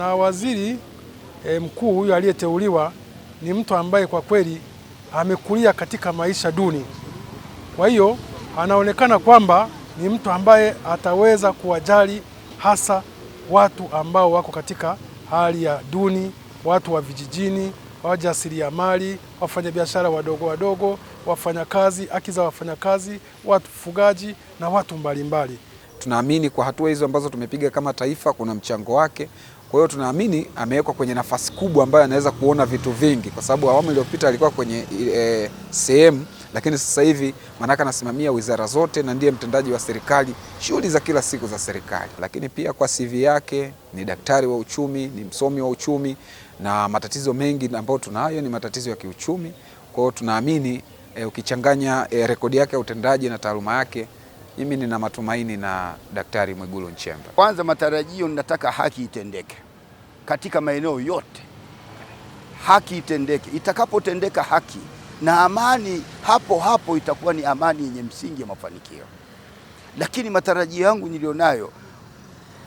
Na waziri e, mkuu huyu aliyeteuliwa ni mtu ambaye kwa kweli amekulia katika maisha duni. Kwa hiyo anaonekana kwamba ni mtu ambaye ataweza kuwajali hasa watu ambao wako katika hali ya duni, watu wa vijijini, wajasiriamali, wafanyabiashara wadogo wadogo, wafanyakazi, haki za wafanyakazi, watu fugaji na watu mbalimbali. Tunaamini kwa hatua hizo ambazo tumepiga kama taifa kuna mchango wake. Kwa hiyo tunaamini amewekwa kwenye nafasi kubwa ambayo anaweza kuona vitu vingi, kwa sababu awamu iliyopita alikuwa kwenye e, sehemu, lakini sasa hivi maanake anasimamia wizara zote na ndiye mtendaji wa serikali, shughuli za kila siku za serikali. Lakini pia kwa CV yake ni daktari wa uchumi, ni msomi wa uchumi, na matatizo mengi ambayo tunayo ni matatizo ya kiuchumi. Kwa hiyo tunaamini e, ukichanganya e, rekodi yake ya utendaji na taaluma yake mimi nina matumaini na Daktari Mwigulu Nchemba. Kwanza matarajio, ninataka haki itendeke katika maeneo yote, haki itendeke. Itakapotendeka haki na amani, hapo hapo itakuwa ni amani yenye msingi ya mafanikio. Lakini matarajio yangu nilionayo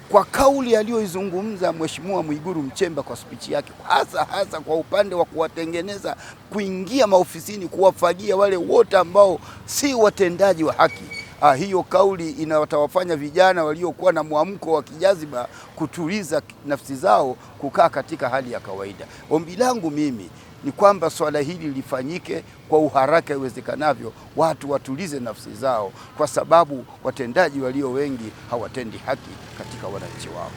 kwa kauli aliyoizungumza Mheshimiwa Mwigulu Nchemba kwa spichi yake, hasa hasa kwa upande wa kuwatengeneza, kuingia maofisini, kuwafagia wale wote ambao si watendaji wa haki ah, hiyo kauli inawatawafanya vijana waliokuwa na mwamko wa kijaziba kutuliza nafsi zao kukaa katika hali ya kawaida. Ombi langu mimi ni kwamba swala hili lifanyike kwa uharaka iwezekanavyo, watu watulize nafsi zao, kwa sababu watendaji walio wengi hawatendi haki katika wananchi wao.